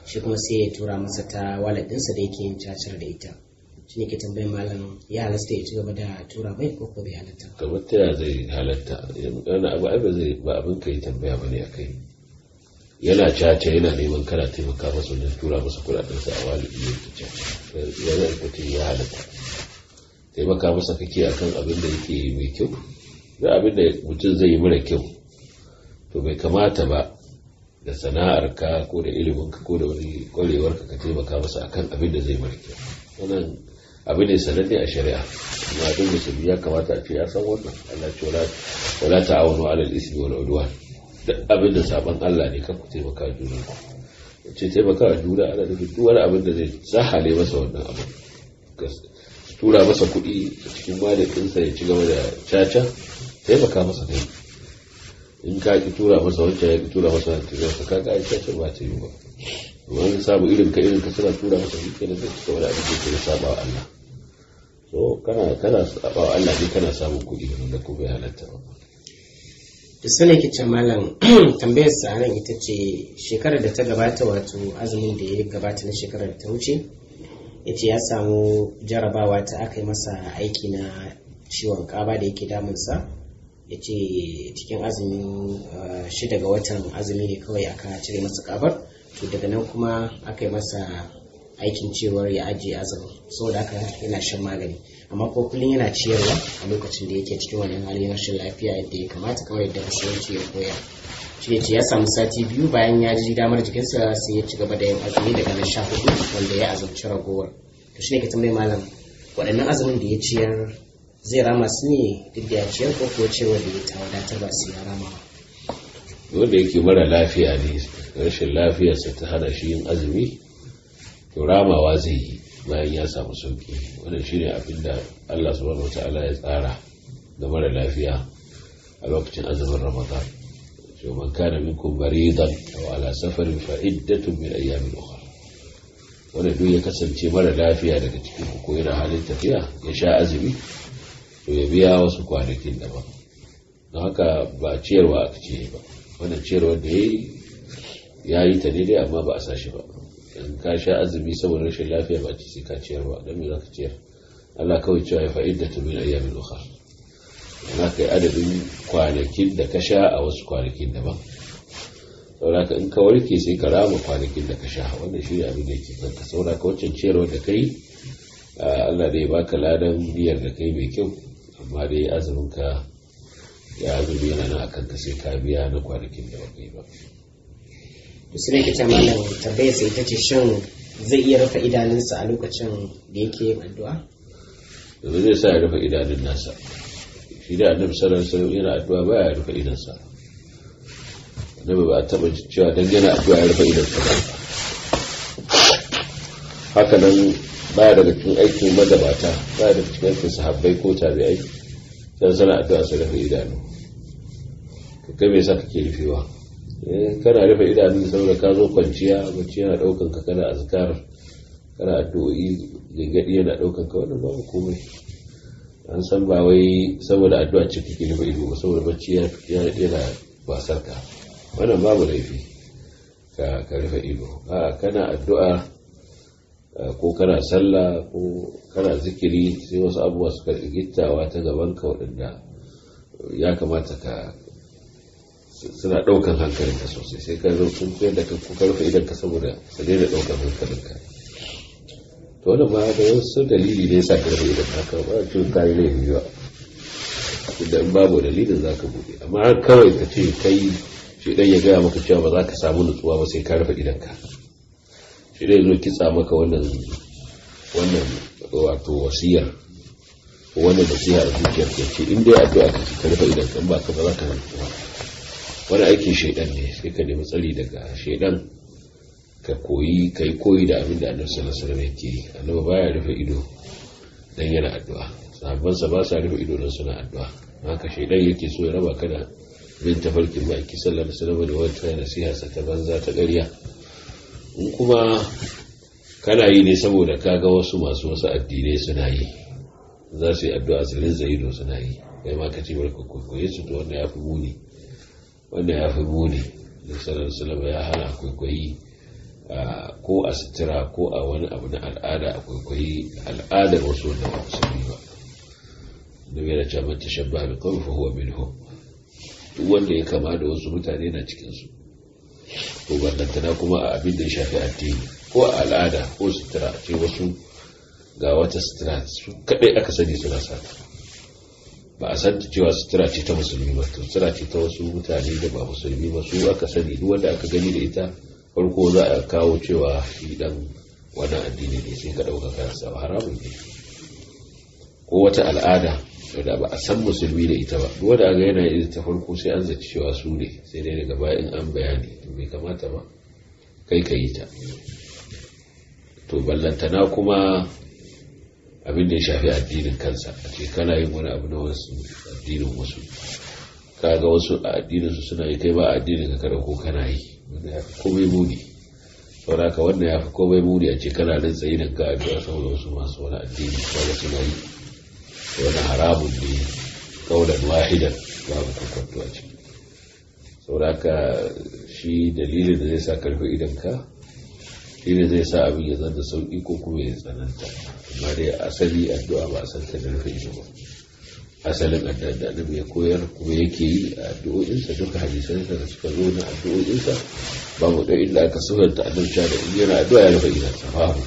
shi kuma sai ya tura masa ta wallet ɗinsa da yake yin cacar da ita shine ke tambayi malam ya halasta ya ci gaba da tura bai ko ko bai halatta kamar ta zai halatta yana abu ai ba zai ba abin ka yi tambaya bane kai yana caca yana neman kana taimaka masa wajen tura masa kuɗaɗen sa a walibi ne ta caca yana alfatin ya halatta taimaka masa kake akan abin da yake yi mai kyau da abin da mutum zai yi mara kyau to bai kamata ba da sana'ar ka ko da ilimin ka ko da wani kwarewarka ka taimaka masa akan abin da zai mara kyau wannan abu ne sananne a shari'a amma duk musulmi ya kamata a ce ya san wannan Allah ce wala ta'awunu 'alal ismi wal 'udwan duk abin da saban Allah ne ku taimaka juna ku ce taimaka juna ana da duk wani abin da zai sahale masa wannan abu tura masa kuɗi a cikin sa ya ci gaba da caca taimaka masa ne. in ka ki tura masa wancan ya ki tura masa wancan ya ka ga caca ba ta yi ba wani sabu irin ka irin ka suna tura masa shi da zai ci gaba da abin da ke saba wa Allah so kana kana saba Allah ne kana samun kuɗi wanda da kuma halatta ba da su ke ce malam tambayar sa nan ita ce shekarar da ta gabata wato azumin da ya gabata na shekarar da ta wuce yace ya samu jarabawa ta aka yi masa aiki na ciwon kaba da yake damun sa yace cikin azumin eh, shi daga watan azumi ne kawai aka cire masa kabar to daga nan kuma aka masa aikin cewar ya ajiye azumi saboda haka yana shan magani amma ko kullum yana ciyarwa a lokacin da yake cikin wani hali na rashin lafiya yadda ya kamata kamar yadda musulunci ya koya shi ya ce ya samu sati biyu bayan ya ji damar jikinsa sai ya ci gaba da yin azumi daga na sha hudu wanda ya azumci ragowar to shi ne ka tambayi malam waɗannan azumin da ya ciyar zai rama su ne duk da ya ciyar ko kuwa cewa da ya ta wadatar ba su ya rama ba wanda yake mara lafiya ne rashin lafiyarsa ta hana shi yin azumi to ramawa zai yi bayan ya samu sauki wannan shine abin da Allah subhanahu wataala ya tsara ga mara lafiya a lokacin azumin Ramadan to man kana minkum maridan aw ala safarin fa'idatun iddatun min ayyamin ukhra wanda duk ya kasance mara lafiya daga cikin ko yana halin tafiya ya sha azumi to ya biya wasu kwanakin daban don haka ba ciyarwa aka ce ba wannan ciyarwa da ya yi ta daidai amma ba a sa shi ba ka sha azumi saboda rashin lafiya ba ci sai ka ciyar ba don me za ka ciyar Allah kawai cewa ya fa'idda ta min ayyamin ukhra yana kai adadin kwanakin da ka sha a wasu kwanakin daban saboda in ka warke sai ka rama kwanakin da ka sha wannan shi ne abin da yake kanka saboda ka wancan ciyarwa da kai Allah dai baka ladan biyar da kai mai kyau amma dai azumin ka ya azumi yana nan akan ka sai ka biya na kwanakin da ba kai ba to sai ke malam tambayar sai ta ce shin zai iya rufe idanunsa a lokacin da yake yin addu'a ba zai sa ya rufe idanun nasa shi da annabi sallallahu alaihi wasallam yana addu'a baya rufe idansa annabi ba taba cewa dan yana addu'a ya rufe idansa ba haka nan baya daga cikin aikin magabata baya daga cikin aikin sahabbai ko tabi'ai sai sana addu'a sai rufe idanu kai me yasa kake rufewa Eh, kana rufe idanu saboda ka zo kwanciya bacci yana daukan ka kana azkar kana addu'o'i gaggadi yana daukan ka wannan babu komai an san ba wai saboda addu'a ce kake rufe ido ba saboda bacci yana basar ka wannan babu laifi ka ka rufe ido a kana addu'a ko kana sallah ko kana zikiri sai wasu abubuwa suka gittawa ta gaban ka waɗanda ya kamata ka suna ɗaukan hankalinka sosai sai ka zo sun fayyada da ka rufe idan ka saboda su daina ɗaukan hankalinka to wani ba da wasu dalili ne sa ka rufe idan ka ba cin kayi laifi ba idan babu dalilin za ka buɗe amma har kawai ka ce kai shi ɗan ya gaya maka cewa ba za ka samu nutsuwa ba sai ka rufe ka shi ɗan zo kitsa maka wannan wannan wato wasiyar wannan nasiha a zuciyar ke ce in dai addu'a ka ka rufe ka ba ka ba za ka nutsuwa wani aikin shaidan ne sai ka nemi tsari daga shaidan ka koyi ka yi koyi da abin da annabi sallallahu alaihi wasallam yake yi annabi baya rufe ido dan yana addu'a sa ba sa rufe ido dan suna addu'a haka shaidan yake so ya raba ka da bin tafarkin ma'aiki sallallahu alaihi wasallam da wata nasiha sa ta banza ta ƙarya in kuma kana yi ne saboda ka ga wasu masu wasu addinai suna yi za su yi addu'a su rinza ido suna yi kai ma ka ce barka koyi su to wannan ya fi muni wanda ya fi muni nasarar salama ya hana kwaikwayi ko a sitira, ko a wani abu na al'ada a kwaikwayi al'adar wasu wanda ba su yi ba da mai race ta shabba da kawai fa huwa minhu duk wanda ya kama da wasu mutane na cikinsu Ko ballantana kuma a abin da ya shafi addini ko a al'ada ko sutura ce wasu ga wata sutura su kaɗai aka sani suna sata ba a san cewa sutura ce ta musulmi ba to sutura ce ta wasu mutane da ba musulmi ba su aka sani duk wanda aka gani da ita farko za a kawo cewa shi dan wani addini ne sai ka dauka kansa ba haramun ne ko wata al'ada da ba a san musulmi da ita ba duk wanda ga yana da ta farko sai an zaci cewa su ne sai dai daga baya in an bayani to bai kamata ba kai ka yi ta to ballantana kuma abin da ya shafi addinin kansa a ce kana yin wani abu na wasu addinin wasu kaga wasu a addinin su suna yi kai ba a addinin ka kada ko kana yi wanda ya fi komai muni saboda ka wanda ya fi komai muni a ce kana nan tsaye daga ka addu'a saboda wasu masu wani addini wasu suna yi wani haramun ne kaulan wahidan babu kwakwato a ciki saboda ka shi dalilin da zai sa karfe idan ka shi ne zai sa abin ya zanta sauƙi ko kuma ya tsananta amma dai asali addu'a ba a san ta da nufin shi ba asalin addu'a da annabi ya koyar kuma yake yi a addu'o'insa duka hadisansa da suka zo na addu'o'insa ba mu illa ka aka sunanta annabi da in yana addu'a ya rufe ta babu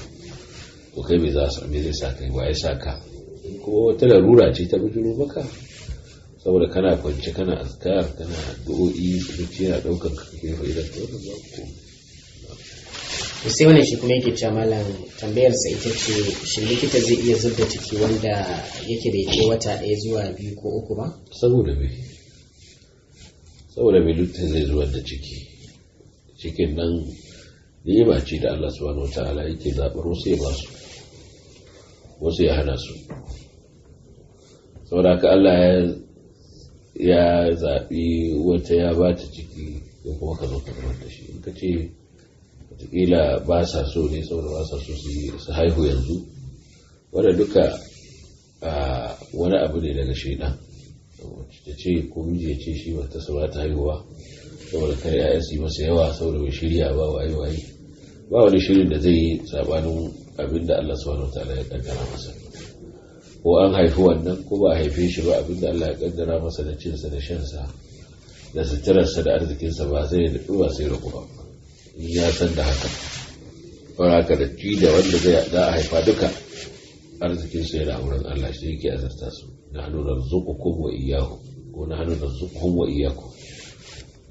to kai me za su me zai sa kai wa ya sa ka ko wata larura ce ta bijiro maka saboda kana kwance kana azkar kana addu'o'i su yana ɗaukar ka kai fa'idar ta to ba ku to sai wannan shi kuma yake cewa malam tambayar sa ita ce shi likita zai iya zubda ciki wanda yake da kai wata ɗaya zuwa biyu ko uku ba saboda me saboda me likita zai zuwa da ciki cikin nan yi ce da Allah subhanahu wataala yake zaɓar wasu ya basu wasu ya hana su saboda ka Allah ya zaɓi wata ya ba ta ciki ko kuma ka zo ka zo da shi in ka ce watakila ba sa so ne saboda ba sa so su haihu yanzu wadda duka wani abu ne daga shaida ta ce ko miji ya ce shi ba ta saba ta haihuwa saboda kar ya yi masa yawa saboda bai shirya ba waye waye ba wani shirin da zai yi sabanin abin da Allah subhanahu wataala ya kaddara masa ko an haifi wannan ko ba haife shi ba abin da Allah ya kaddara masa da cinsa da shansa da suturarsa da arzikinsa ba zai da ba sai roƙo ba ya san da haka sauraka da ci da wanda zai za a haifa duka arzikin sai yana wurin Allah shi yake azarta su na hannu da zuƙukum wa iyaku ko na hannu da zuƙukum wa iyaku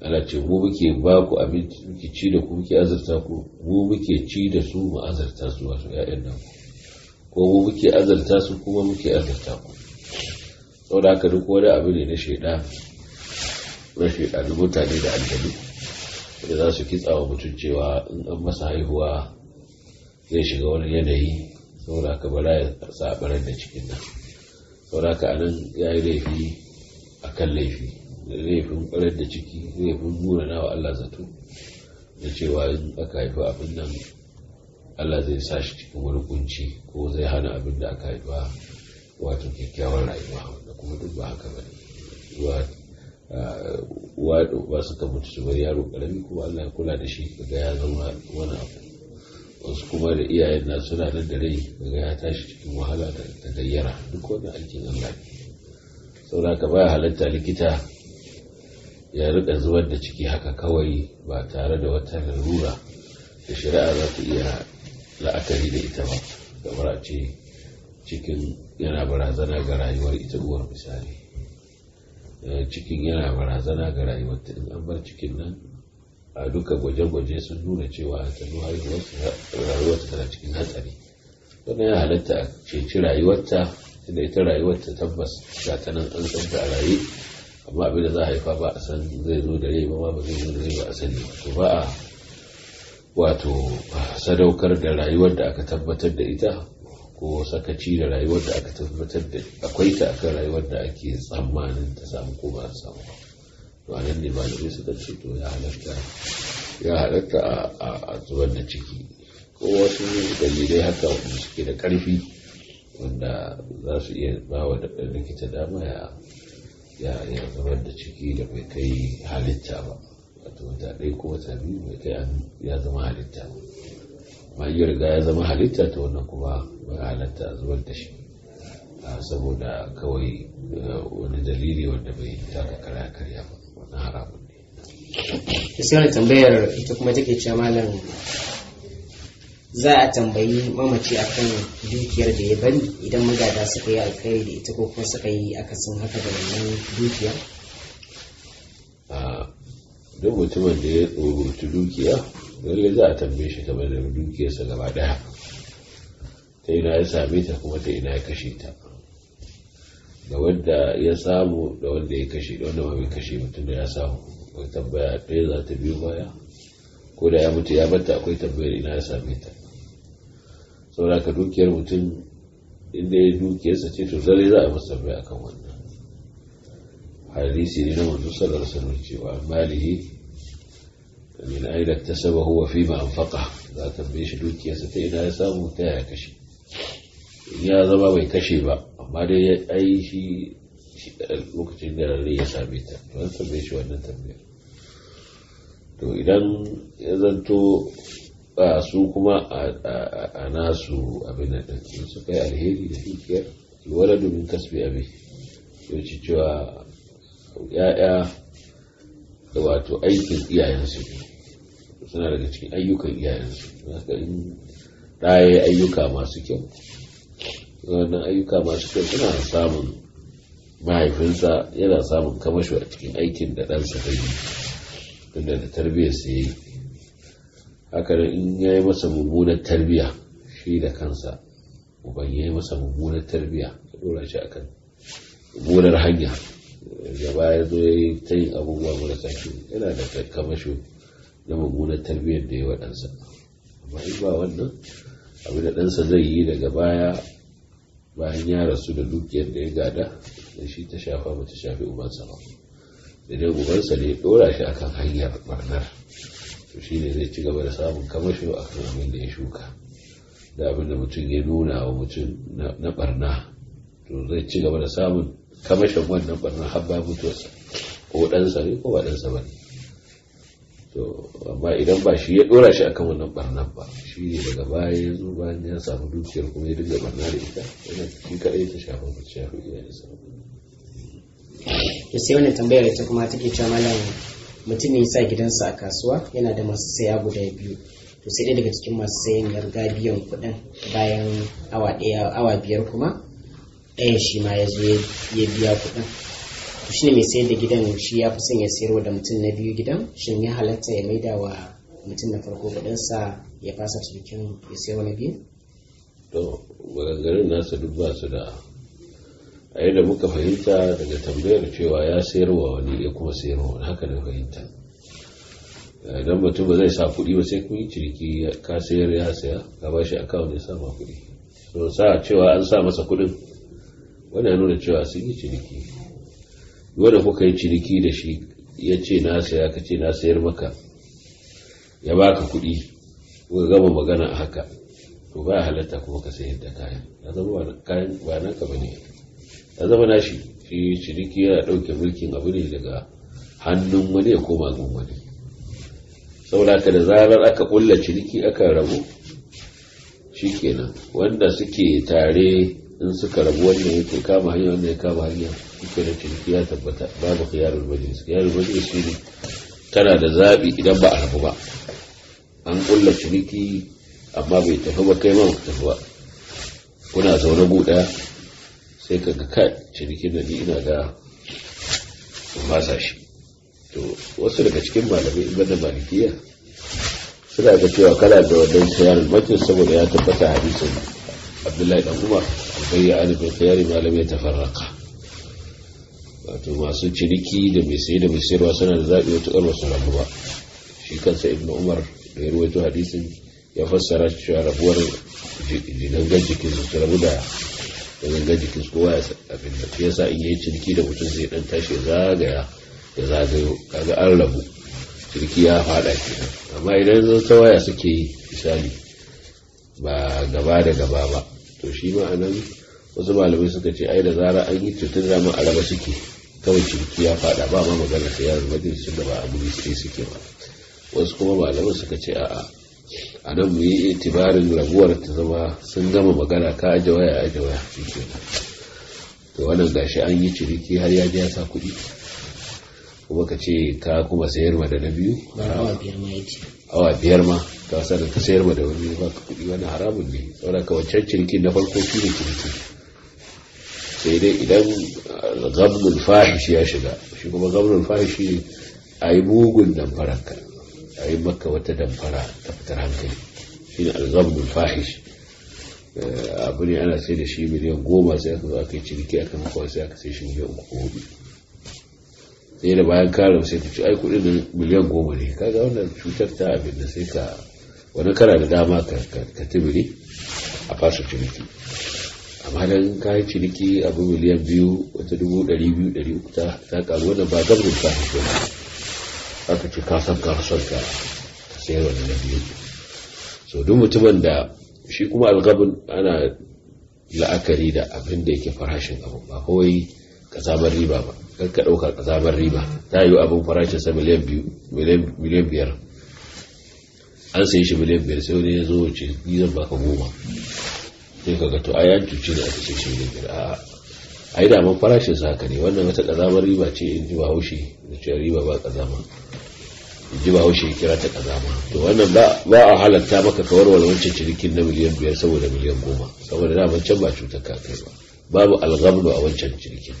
ana ce mu muke ba ku abinci muke ci da ku muke azarta ku mu muke ci da su mu azarta su wasu 'ya'yan nan ko mu muke azarta su kuma muke azarta ku saboda haka duk wani abu ne na shaidan na shaidanin mutane da aljanu da za su kitsa wa mutum cewa in an masa haihuwa zai shiga wani yanayi saboda ka bara ya sabarar da cikin nan saboda ka anan ya yi laifi a kan laifi laifin kwarar da ciki laifin murana wa Allah zato da cewa in aka haifi abin nan Allah zai sa shi cikin wani kunci ko zai hana abin da aka haifa wato kyakkyawar rayuwa wanda kuma duk ba haka ba ne uwa da uba suka mutu su bar yaro karami kuma Allah ya kula da shi kaga ya zama wani abu wasu kuma da iyayen na suna nan da rai daga ya tashi cikin wahala da gayyara duk wani aikin Allah saboda ka baya halatta likita ya rika zubar da ciki haka kawai ba tare da wata rura da shari'a za ta iya la'akari da ita ba kamar a ce cikin yana barazana ga rayuwar ita uwar misali Eh, cikin yana barazana ga rayuwarta in an bar cikin nan a duka gwaje-gwaje sun nuna cewa a tanu rayuwarta tana cikin hatsari wannan ya halatta a ceci rayuwarta da ita rayuwarta tabbas ga ta nan an san a raye amma abin da za a haifa ba a san zai zo da rai ba ba zai zo da rai ba a sani to ba a wato sadaukar da rayuwar da aka tabbatar da ita ko sakaci da rayuwar da aka tabbatar da akwai ta akan rayuwar da ake tsammanin ta samu ko ba samu to anan ne malamai suka ce to ya halatta ya halatta a zubar da ciki ko wasu dalilai haka wanda suke da karfi wanda za su iya ba wa likita dama ya ya zubar da ciki da bai kai halitta ba wato wata ɗaya ko wata biyu bai kai ya zama halitta ba amma da ya zama halitta ta wannan kuma mai halatta a da shi saboda kawai eh, wani dalili wanda bai taka karya karya ba wannan haramun ne sai da tambayar ita kuma take cewa malam za a tambayi mamaci akan dukiyar da ya bari idan magada suka yi alkhairi da ita ko kuma suka yi akasin haka da wannan dukiyar duk mutumin da ya tsoronci dukiya lalle za a tambaye shi game da dukiyarsa gaba daya ta ina ya same ta kuma ta ina ya kashe ta da wadda ya samu da wanda ya kashe da wadda mai kashe mutum da ya samu akwai tambaya ɗaya za ta biyo baya ko da ya mutu ya bata akwai tambayar ina ya same ta saboda ka dukiyar mutum inda ya dukiyarsa ce to zale za a masa tambaya akan wannan hadisi ne na manzo sallallahu alaihi cewa malihi min aina tasaba huwa fi ma anfaqa za ta tambaye shi dukiyarsa ta ina ya samu ta ya kashe ya zama bai kashe ba amma dai ya ai lokacin da ya same ta don tambaye shi wannan tambayar to idan ya zanto ba su kuma a nasu abin da ɗin su kai alheri da dukiyar alwala domin kasbi abin yau ci cewa ya'ya da wato aikin iyayensu suna daga cikin ayyukan iyayensu haka in ɗaya ayyuka masu kyau wannan ayyuka masu kyau suna samun mahaifinsa yana samun kamashi a cikin aikin da ɗansa ta yi da tarbiyyar sa yi haka nan in ya yi masa mummunar tarbiyya shi da kansa uban ya yi masa mummunar tarbiyya ya ɗora shi akan mummunar hanya da baya zo ya yi ta abubuwa mara kashi yana da kamashi na mummunar tarbiyyar da ya wa ɗansa amma in ba wannan abu da ɗansa zai yi daga baya bayan ya rasu da dukiyar da ya gada da shi ta shafa ba ta shafi ubansa ba da dai ubansa ne ya ɗora shi akan hanyar ɓarnar to shi ne zai ci gaba da samun kamasho a kan abin da ya shuka da abin da mutum ya nuna wa mutum na ɓarna, to zai ci gaba da samun kamashin wannan ɓarnar har ba ko ɗansa ne ko ba ɗansa ba ne to amma idan ba shi ya dora shi akan wannan barnan ba shi ne daga baya ya zo ba ya samu dukiyar kuma ya dinga barna da ita yana shi kadai ta shafa ba ta shafi iyayensa to sai wannan tambayar ita kuma take cewa malam mutum ne ya sa gidansa a kasuwa yana da masu saya guda biyu to sai dai daga cikin masu sayan yarga biyan kuɗin bayan awa ɗaya awa biyar kuma ɗayan shi ma ya ya biya kuɗin to shi mai sayar da gidan shi ya fi son ya sayarwa da mutum na biyu gidan shin ya halatta ya maida wa mutum na farko kudinsa ya fasa cikin ya sayar na biyu to maganganun nasa duk ba su da a yadda muka fahimta daga tambayar cewa ya sayarwa wani ya kuma sayarwa wani haka da fahimta idan mutum ba zai sa kuɗi ba sai kun yi ciniki ka sayar ya saya ka ba shi akawun ya ma kuɗi so sa cewa an sa masa kuɗin wani ya nuna cewa sun yi ciniki wanda kuka yi ciniki da shi ya ce na saya ka ce na sayar maka ya baka kuɗi kuka gama magana a haka to ba halatta kuma ka sayar da kayan ya zama kayan ba nan ka bane ya zama na shi ciniki yana ɗauke mulkin abu ne daga hannun wani ya koma gun wani saboda ka da zarar aka ƙulla ciniki aka rabu shikenan wanda suke tare in suka rabu wannan yake kama hanya wannan ya kama hanya yake da ciniki ya tabbata babu khiyarul majlis khiyarul majlis shine ne da zabi idan ba a rabu ba an kulla ciniki amma bai tafi ba kai ma ba tafi ba kuna zaune gu daya sai ka ga kai cinikin da ni ina da masa shi to wasu daga cikin malamai in da malikiya suna ga cewa kana da wannan khiyarul majlis saboda ya tabbata hadisin Abdullahi dan Umar al-bay'an bil khiyari wato masu ciniki da mai sayi da mai sayarwa suna da zaɓi wata ƙarwa su rabu ba shi kansa ibn umar da ya ruwaito hadisin ya fassara cewa rabuwar gangan jikin su rabu da gangan jikin su kowa ya abin yasa in yi ciniki da mutum zai dan tashi zagaya ya zagayo kaga an rabu ciniki ya faɗa kenan amma idan zan tawaya suke yi misali ba gaba da gaba ba to shi ma'anan wasu malamai suka ce ai da zarar an yi cutar rama a raba suke kawai ciniki ya fada ba ma magana sai yaron majalisun da ba a guri sai suke ba wasu kuma malamai suka ce a'a a nan mu yi itibarin rabuwar ta zama sun gama magana ka aje waya aje waya to wannan gashi an yi ciriki har ya je ya sa kuɗi kuma ka ce ka kuma ma da na biyu awa biyar ma ka sanar ka ma da wani ba ka kuɗi wani haramun ne saboda ka wancan cirki, na farko shi ne cirki. sai dai idan eh, gamnul fahish ya shiga shi kuma gamnul fahish a yi mugun damfaranka a yi maka wata damfara ta fitar hankali shi ne algamnul eh, abu ne ana sai da shi miliyan goma sai aka zo aka yi ciniki aka maka sai aka sai shi miliyan uku sai da bayan kare sai ta ci ai kuɗi da miliyan goma ne kaga wannan cutar ta abin da sai ka wani kara da dama ka tibiri a fasa ciniki amma dan ka yi ciniki abu miliyan biyu wata dubu ɗari biyu ɗari uku ta ƙaru wannan ba zabrin ta ke ba aka ce ka san ka son ka sayar wani na biyu so duk mutumin da shi kuma algabin ana la'akari da abin da yake farashin abu ba kawai kazamar riba ba kan ka ɗauka kazamar riba ta yi abin farashin sa miliyan biyu miliyan biyar an sayi shi miliyan biyar sai wani ya zo ce ni zan baka goma sai ka ga a yan cuci da ake ce shi ne a ai da man farashin sa haka ne wannan wata kazamar riba ce in ji bahaushe da cewa riba ba kazama in ji bahaushe ya kira ta kazama to wannan ba a halatta maka kawar wani wancan cinikin na miliyan biyar saboda miliyan goma saboda da can ba cutar ka kai ba babu algabdo a wancan cinikin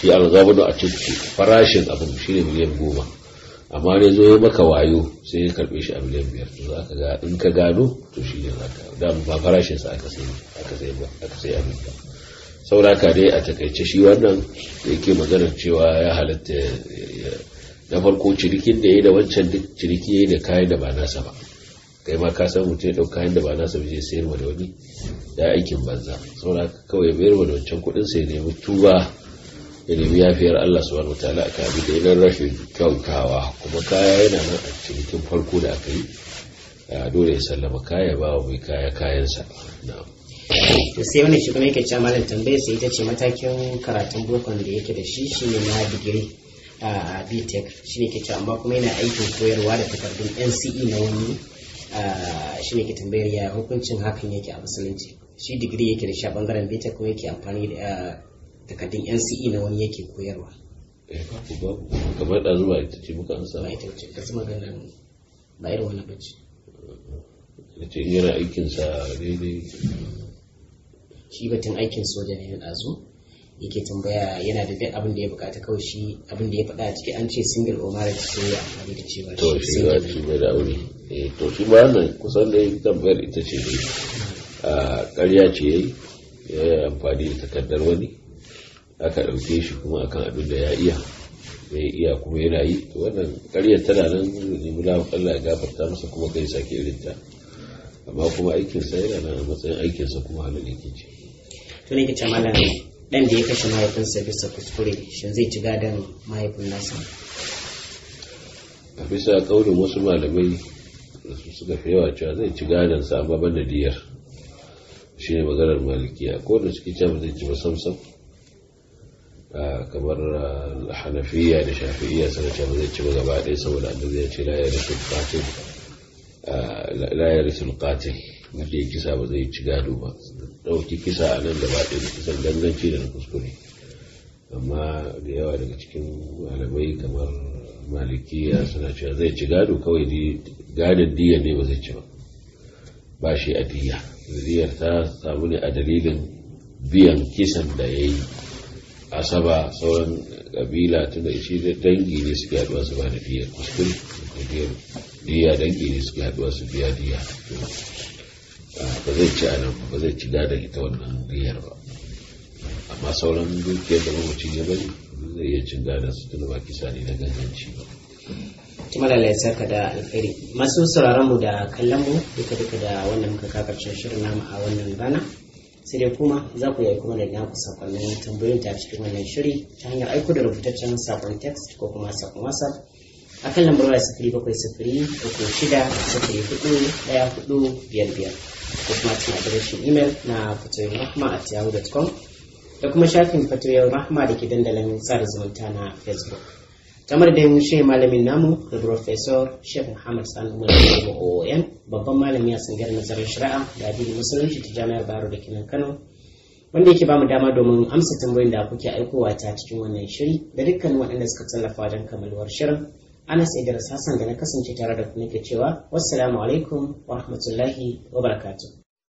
shi algabdo a cikin farashin abin ne miliyan goma amma ne zo ya maka wayo sai ya karbe shi a miliyan biyar to za ka ga in ka gano to shi ne za ka da ba farashin aka sai aka aka sai abin ba sauraka dai a takaice shi wannan da yake maganar cewa ya halatta na farko cirikin da ya da wancan duk ciriki ya da kayan da ba nasa ba kai ma ka san mutum ya ɗau kayan da ba nasa ba zai sayar da wani da aikin banza sauraka kawai bayar da wancan kuɗin sai nemi tuba ya yafiyar Allah subhanahu wataala a abin da idan rashin kyautawa kuma kaya yana nan a cikin farko da aka yi ah, dole ya sallama kaya ba wa mai kaya kayansa to sai wani shi kuma yake cewa malam tambayar sai ita ce matakin karatun bokon da yake da shi shine na digiri a btech shi ne ke cewa amma kuma yana aikin koyarwa da takardun nce na wani shi ne ke tambayar ya hukuncin hakan yake a musulunci shi digiri yake da shi a bangaren btech kuma yake amfani da takardun nce na wani yake koyarwa eh, kamar da zuwa ita ce muka ansa ba ita ce kasu magana ba irin wani bace Ya ce yana aikinsa daidai shi batun aikin soja ne na ɗazu yake tambaya yana da duk abin da ya bukata kawai shi abin da ya faɗa a ciki an ce single omar ce ya amfani da cewa to shi ba shi mai da aure eh to shi ma nan kusan da tambayar ita ce dai a ah, ƙarya ce ya yi amfani da takardar wani aka ɗauke shi kuma akan abin da ya iya ya iya kuma yana yi to wannan ƙaryar tana nan ne mu lawan Allah ya gafarta masa kuma kai sake irin ta amma kuma aikinsa yana nan a matsayin aikinsa kuma halin yake ce to ne kace malam dan da ya kashe mahaifinsa bisa kuskure shin zai ci gadon mahaifin nasa a bisa kaurin wasu malamai da su suka fi yawa cewa zai ci gadon sa amma ban da diyar shi ne maganar malikiya ko da suke cewa zai ci ba samsam kamar hanafiya da shafi'iya suna ce ba zai ci ba gaba saboda abin zai ce layar sulƙatin ya kisa ba zai ci gado ba ɗauki kisa a nan gaba da kisan ganganci da na kuskure amma da yawa daga cikin malamai kamar malikiya suna cewa zai ci gado kawai gadon diya ne ba zai ci ba ba shi a diya zuriyar ta samu ne a dalilin biyan kisan da ya yi asaba sauran kabila tunda shi dangi ne suke haduwa su ba da diya kuskure diya dangi ne suke haduwa su biya diya ba zai ci anan ba zai ci gada ita wannan diyar ba amma sauran dukiyar da mamaci ne bari zai iya cin gada su tunda ba kisa ne na ganganci ba kuma da laisar ka da alkhairi masu sauraron mu da kallon mu duka duka da wannan muka kakarcin shirin namu a wannan rana sai dai kuma za ku yi kuma da naku sakonnin tambayoyin ta cikin wannan shiri ta hanyar aiko da rubutaccen sakon text ko kuma sakon whatsapp kan lambar waya sifiri bakwai sifiri uku shida sifiri hudu daya hudu biyar biyar ko kuma cikin adireshin imel na fatoyin rahma a tiyahu.com da kuma shafin fatoyin rahma da ke dandalin sada zumunta na facebook kamar da shi malamin namu da professor sheikh muhammad sani umar da babban malami a sangar nazarin shari'a da abin musulunci ta jami'ar baro da kinan kano wanda yake bamu dama domin amsa tambayoyin da kuke aikowa ta cikin wannan shiri da dukkan waɗanda suka tallafa wajen kamaluwar shirin ana sai da hassan da na kasance tare da ku nake cewa wassalamu alaikum wa rahmatullahi wa barakatuh